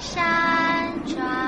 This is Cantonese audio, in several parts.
山莊。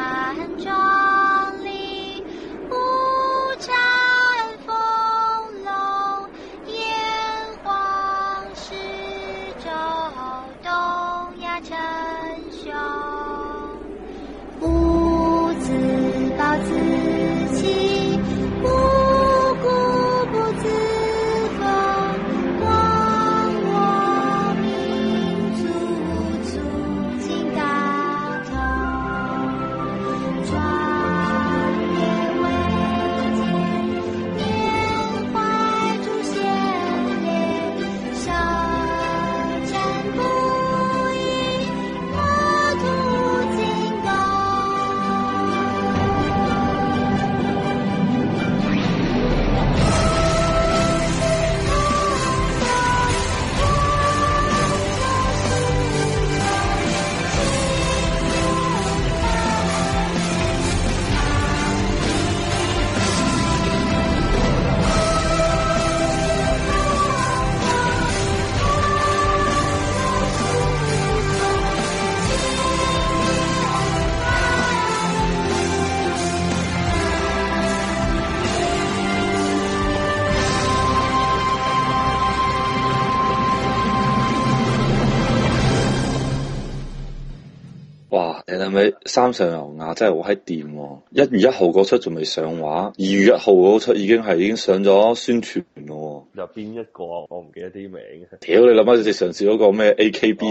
你諗下，三上悠亞真係好閪掂喎！一月一號嗰出仲未上畫，二月一號嗰出已經係已經上咗宣傳咯。入邊一個？我唔記得啲名。屌，你諗下你上次嗰個咩 A K B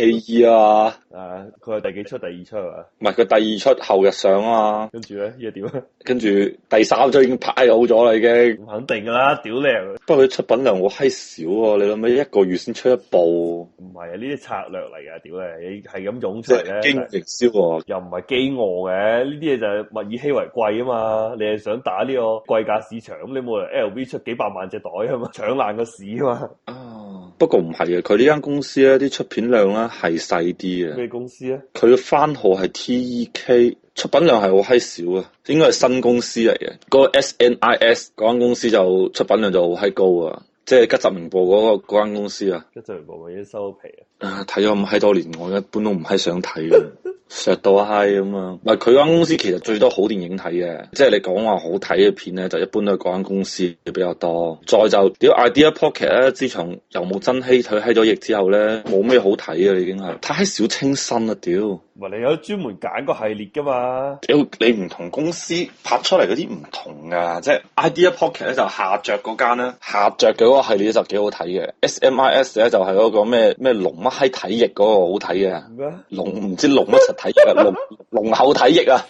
A E 啊？誒，佢係第幾出？第二出啊？唔係，佢第二出後日上啊，跟住咧依家點啊？跟住第三出已經排好咗啦，已經。肯定噶啦，屌你！不過佢出品量好閪少喎，你諗下一個月先出一部。唔係啊，呢啲策略嚟噶，屌你係咁種出嘅。饑餓營銷又唔係饑餓嘅，呢啲嘢就係物以稀為貴啊嘛。你係想打呢個貴價市場，咁你冇理由 L V 出幾百萬隻袋啊嘛，搶爛個市啊嘛。哦、啊，不過唔係啊，佢呢間公司咧，啲出片量咧係細啲嘅。咩公司啊？佢嘅番號係 T E K，出品量係好閪少啊，應該係新公司嚟嘅。嗰、嗰個 S N I S 嗰間公司就出品量就好閪高啊。即係吉澤明步嗰個間公司啊，吉澤明步咪已經收皮啊！睇咗咁閪多年，我一般都唔係想睇嘅，錫 到閪咁啊！唔係佢間公司其實最多好電影睇嘅，即係你講話好睇嘅片咧，就一般都係嗰間公司比較多。再就屌 Idea Pocket、啊、從稀稀呢？自從尤冇真希佢閪咗役之後咧，冇咩好睇啊！已經係太小清新啦，屌！你有專門揀個系列噶嘛？你你唔同公司拍出嚟嗰啲唔同噶，即係 Idea Pocket 咧就下着嗰間啦，下着嘅嗰個系列就幾好睇嘅。SMIS 咧就係嗰個咩咩濃乜閪體液嗰個好睇嘅，濃唔麼知濃乜柒體液，濃濃厚體液啊！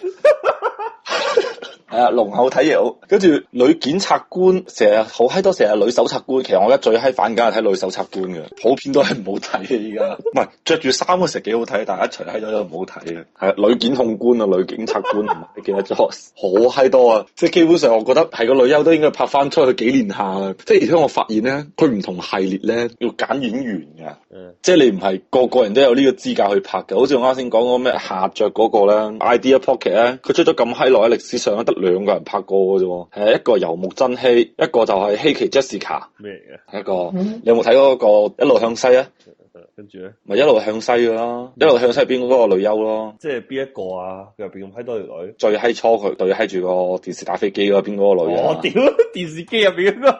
係啊，濃厚睇嘢好，跟住女檢察官成日好閪多，成日女搜查官，其實我覺得最閪反噶係睇女搜查官嘅，普遍都係唔好睇㗎。唔係着住衫嘅時候幾好睇，但係一除閪咗都唔好睇嘅。係啊，女檢控官啊，女檢察官同埋 你記得咗？好閪多，多啊，即係基本上我覺得係個女優都應該拍翻出去紀念下啦。即係而且我發現咧，佢唔同系列咧要揀演員嘅，mm. 即係你唔係個個人都有呢個資格去拍嘅。好似我啱先講嗰咩下着嗰個咧，Idea Pocket 咧，佢出咗咁閪耐喺歷史上得。兩個人拍過嘅啫，係一個遊牧真希，一個就係希奇 Jessica。咩嚟嘅？一個，你有冇睇過嗰個一路向西啊？跟住咧，咪一路向西噶啦，一路向西邊嗰個女優咯。即係邊一個啊？佢入邊咁閪多條女，最 hi 初佢，對 hi 住個電視打飛機嗰邊嗰個女。我屌、哦，電視機入邊嗰個。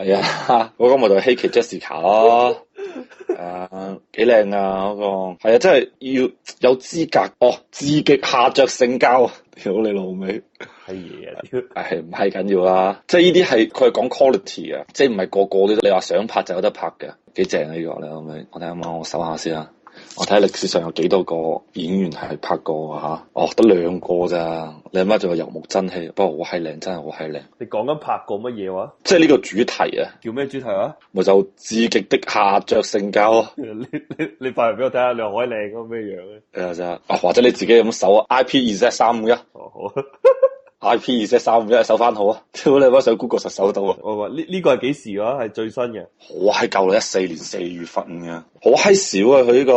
係 啊，嗰、嗰個咪就係希奇 Jessica 咯。 靚啊嗰個係啊，真係要有資格哦，至極下着性交，屌 你老味美，係嘢啦，唉唔係緊要啦，即係呢啲係佢係講 quality 啊，即係唔係個個都你話想拍就有得拍嘅，幾正呢，這個咧咁樣，我睇下我搜下先啦。我睇下歷史上有幾多個演員係拍過吓、啊，哦，得兩個咋？你阿媽仲有游牧真氣，不過好閪靚，真係好閪靚。你講緊拍過乜嘢話？即係呢個主題，主題啊！叫咩主題啊？咪就至極的下着性交」啊！你你你發嚟俾我睇下，梁海靚咁咩樣咧？誒，就或者你自己咁搜 I P Z 三五一。哦，好。 I P 二四三五一收翻好上、哦這個、啊，屌你把手 Google 實搜到啊！我話呢呢個係幾時啊？係最新嘅，好閪舊啦，一四年四月份啊，好閪少啊！佢呢個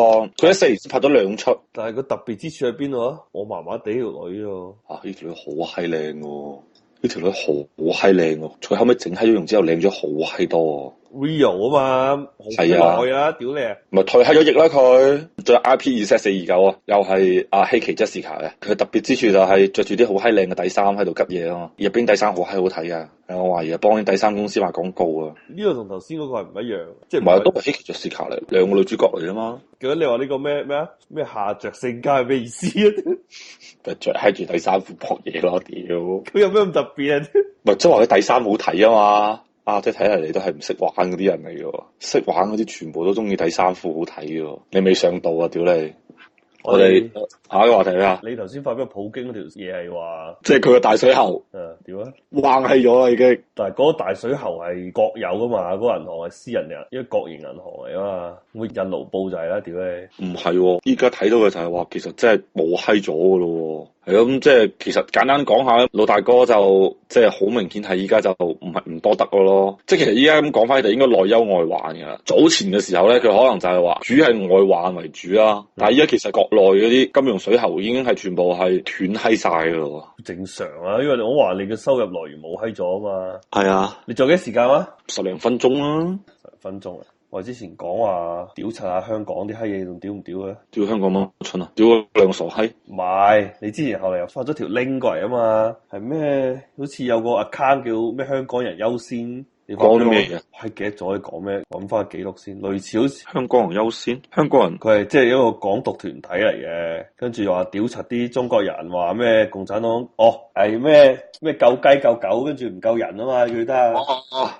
佢一四年先拍咗兩出，但係個特別之處喺邊度啊？我麻麻地條女啊！啊呢條女好閪靚嘅，呢條女好閪靚嘅，佢後尾整閪咗容之後靚咗好閪多。啊！Real 啊嘛，好耐啊，屌你啊！唔係退下咗役啦佢，着 IP 二七四二九啊，又係阿希奇 Jessica 嘅，佢特別之處就係着住啲好閪靚嘅底衫喺度急嘢咯，入邊底衫好閪好睇啊。我懷疑係幫啲底衫公司賣廣告啊！呢個同頭先嗰個係唔一樣，即係咪都係希奇 Jessica 嚟，兩個女主角嚟啊嘛？點解你話呢個咩咩啊？咩下着性格係咩意思啊？着閪住底衫扑嘢咯，屌佢有咩咁特別啊？唔即係話佢底衫好睇啊嘛？啊！即係睇嚟你都係唔識玩嗰啲人嚟嘅，識玩嗰啲全部都中意睇衫褲好睇嘅。你未上到啊？屌你喂！我哋下一個話題啊！你頭先發俾普京嗰條嘢係話，即係佢、啊、個大水喉，誒，點啊？橫係咗啦已經，但係嗰個大水喉係國有噶嘛？嗰、那個銀行係私人嘅，因為國營銀行嚟啊嘛，會印勞報就係啦！屌你，唔係依家睇到嘅就係、是、話，其實真係冇閪咗噶咯。咁即係其實簡單講下，老大哥就即係好明顯係依家就唔係唔多得咯，即係其實依家咁講翻就應該內憂外患嘅。早前嘅時候咧，佢可能就係話主係外患為主啦，但係依家其實國內嗰啲金融水喉已經係全部係斷閪晒噶咯，正常啊，因為你好話你嘅收入來源冇閪咗啊嘛，係啊，你做幾多時間啊？十零分鐘啦、啊，十分鐘啊。我之前講話屌柒下香港啲閪嘢仲屌唔屌啊？屌啊香港嗎？咁蠢啊！屌兩個傻閪！唔係，你之前後嚟又發咗條 link 過嚟啊嘛？係咩？好似有個 account 叫咩？香港人優先。講啲咩嘢？係美記得咗？你講咩？搵翻記錄先。類似好似香港人優先，香港人佢係即係一個港獨團體嚟嘅。跟住又話屌柒啲中國人，話咩共產黨哦係咩咩救雞救狗，跟住唔救人啊嘛。佢都係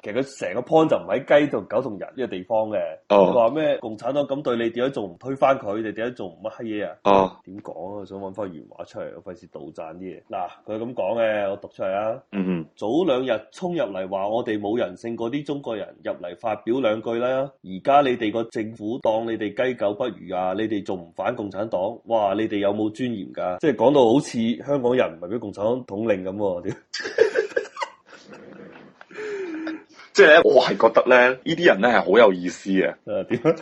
其實佢成個 point 就唔喺雞同狗同人呢個地方嘅。哦、啊，話咩共產黨咁對你點解仲唔推翻佢？你點解仲唔乜閪嘢啊？哦，點講啊？想搵翻原話出嚟，我費事杜撰啲嘢。嗱，佢係咁講嘅，我讀出嚟啊。嗯嗯，早兩日衝入嚟話我哋冇人。剩嗰啲中國人入嚟發表兩句啦，而家你哋個政府當你哋雞狗不如啊？你哋仲唔反共產黨？哇！你哋有冇尊嚴㗎？即係講到好似香港人唔係俾共產黨統領咁喎， 即係咧，我係覺得咧，呢啲人咧係好有意思嘅。點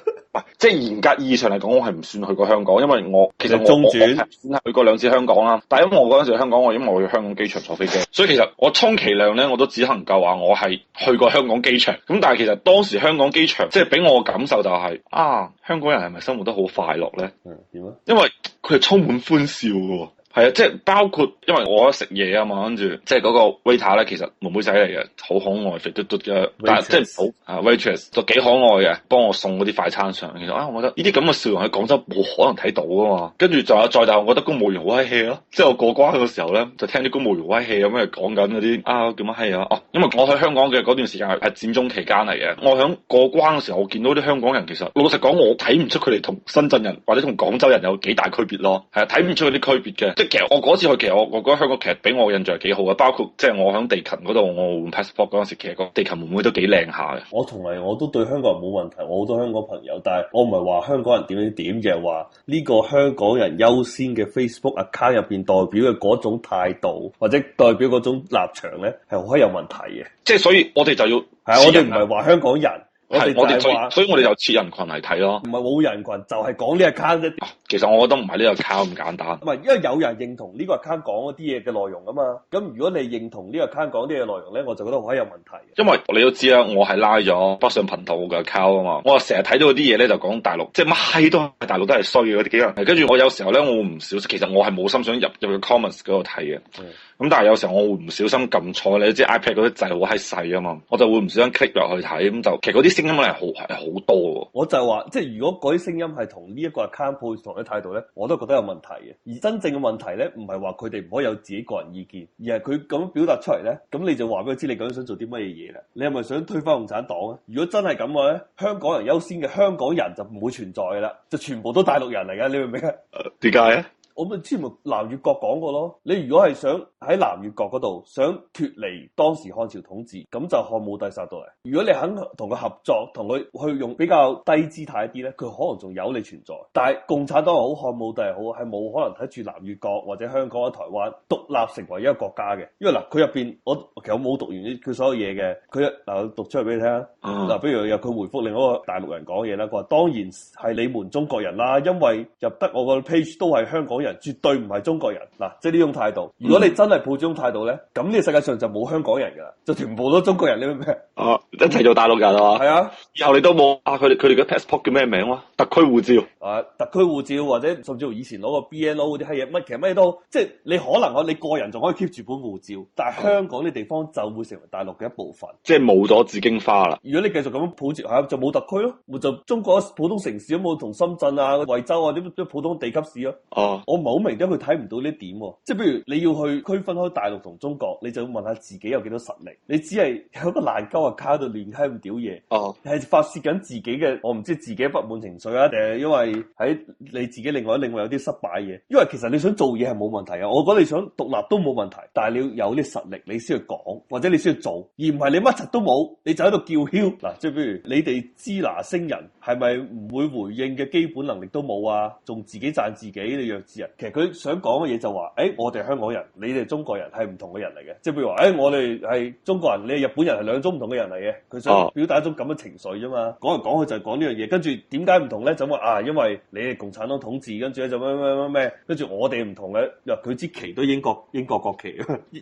即係嚴格意義上嚟講，我係唔算去過香港，因為我其實我中轉我係先去過兩次香港啦。但係咁，我嗰陣時香港，我因為我去香港機場坐飛機，所以其實我充其量咧，我都只能夠話我係去過香港機場。咁但係其實當時香港機場，即係俾我嘅感受就係、是、啊，香港人係咪生活得好快樂咧？點啊？因為佢係充滿歡笑嘅。係啊，即係包括，因為我食嘢啊嘛，跟住即係嗰個 waiter 咧，其實妹妹仔嚟嘅，好可愛，肥嘟嘟嘅，但係 Waitress. 即係啊、uh, waitress，就幾可愛嘅，幫我送嗰啲快餐上。其實啊，我覺得呢啲咁嘅笑容喺廣州冇可能睇到噶嘛。跟住仲有再大，我覺得公務員好閪 hea 咯。即係我過關嘅時候咧，就聽啲公務員好閪 hea 咁樣講緊嗰啲啊，叫乜閪啊？哦、啊啊，因為我喺香港嘅嗰段時間係佔中期間嚟嘅，我響過關嘅時候，我見到啲香港人其實老實講，我睇唔出佢哋同深圳人或者同廣州人有幾大區別咯。係啊，睇唔出啲區別嘅。其實我嗰次去，其實我我覺得香港其實俾我印象係幾好嘅，包括即係、就是、我喺地勤嗰度，我換 passport 嗰陣時，其實個地勤妹妹都幾靚下嘅。我同埋我都對香港人冇問題，我好多香港朋友，但係我唔係話香港人點點點，就係話呢個香港人優先嘅 Facebook account 入邊代表嘅嗰種態度，或者代表嗰種立場咧，係好有問題嘅。即係所以我、啊啊，我哋就要係我哋唔係話香港人。是我哋所以，我哋就設人群嚟睇咯。唔係冇人群，就係講呢個 account 啫。其實我覺得唔係呢個 account 咁簡單。唔係，因為有人認同呢個 account 講嗰啲嘢嘅內容啊嘛。咁如果你認同個內呢個 account 講啲嘢內容咧，我就覺得好有問題。因為你都知啦，我係拉咗北上頻道嘅 account 啊嘛。我成日睇到啲嘢咧，就講、是、大陸，即係乜閪都係大陸都係衰嗰啲幾人。跟住我有時候咧，我唔少，其實我係冇心想入入去 comments 嗰度睇嘅。嗯咁但係有時候我會唔小心撳錯，你知 iPad 嗰啲掣好閪細啊嘛，我就會唔小心 click 落去睇，咁就其實嗰啲聲音咧好係好多喎。我就話，即係如果嗰啲聲音係同呢一個 account post 同啲態度咧，我都覺得有問題嘅。而真正嘅問題咧，唔係話佢哋唔可以有自己個人意見，而係佢咁樣表達出嚟咧，咁你就話俾佢知你究竟想做啲乜嘢嘢啦。你係咪想推翻共產黨啊？如果真係咁嘅咧，香港人優先嘅香港人就唔會存在噶啦，就全部都大陸人嚟嘅，你明唔明啊？點解啊？我咪知埋南越國講過咯。你如果係想喺南越國嗰度想脫離當時漢朝統治，咁就漢武帝殺到嚟。如果你肯同佢合作，同佢去用比較低姿態一啲咧，佢可能仲有你存在。但係共產黨又好，漢武帝又好，係冇可能睇住南越國或者香港喺台灣獨立成為一個國家嘅。因為嗱，佢入邊我其實我冇讀完佢所有嘢嘅。佢嗱我讀出嚟俾你聽啊。嗱，比如有佢回覆另一個大陸人講嘢啦，佢話當然係你們中國人啦，因為入得我個 page 都係香港人。絕對唔係中國人嗱，即係呢種態度。如果你真係抱住呢種態度咧，咁呢個、嗯、世界上就冇香港人噶啦，就全部都中國人你啲咩？哦、啊，一齊做大陸人啊，嘛？係啊，以後你都冇啊！佢哋佢哋嘅 passport 叫咩名啊？特區護照啊，特區護照或者甚至乎以前攞個 BNO 或者乜嘢，乜其實乜都即係你可能可你個人仲可以 keep 住本護照，但係香港啲地方就會成為大陸嘅一部分，啊、即係冇咗紫荊花啦。如果你繼續咁樣普及下，就冇特區咯、啊，就中國普通城市有冇，同深圳啊、惠州啊啲普通地級市啊？哦、啊，我唔明，因佢睇唔到呢點喎、啊。即係譬如你要去區分開大陸同中國，你就問下自己有幾多實力？你只係有一個爛鳩嘅卡喺度亂閪屌嘢，係、uh huh. 發泄緊自己嘅我唔知自己不滿情緒啊！定誒，因為喺你自己另外一另外有啲失敗嘢。因為其實你想做嘢係冇問題嘅，我覺得你想獨立都冇問題。但係你要有啲實力，你先去講，或者你先去做，而唔係你乜柒都冇，你就喺度叫囂嗱。即係譬如你哋支拿星人係咪唔會回應嘅基本能力都冇啊？仲自己贊自己，你弱智人。其實佢想講嘅嘢就話，誒、欸，我哋香港人，你哋中國人係唔同嘅人嚟嘅，即係譬如話，誒、欸，我哋係中國人，你日本人係兩種唔同嘅人嚟嘅。佢想表達一種咁嘅情緒啫嘛。講嚟講去就係講呢樣嘢，跟住點解唔同咧？就話啊，因為你係共產黨統治，跟住咧就咩咩咩咩，跟住我哋唔同嘅。佢支旗都英國英國國旗，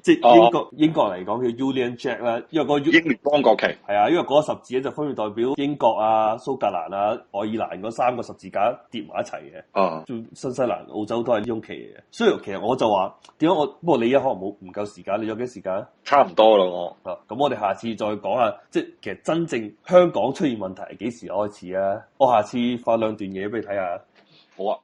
即係英國英國嚟講叫 Union Jack 啦，因為個英聯邦國旗係啊，因為嗰十字咧就分別代表英國啊、蘇格蘭啊、愛爾蘭嗰三個十字架疊埋一齊嘅。哦、啊，新西蘭、澳洲都。呢用其嘢，所以其實我就話，點解我不過你而家可能冇唔夠時間，你有幾多時間啊？差唔多啦我，咁我哋下次再講下，即係其實真正香港出現問題係幾時開始啊？我下次發兩段嘢俾你睇下。好啊。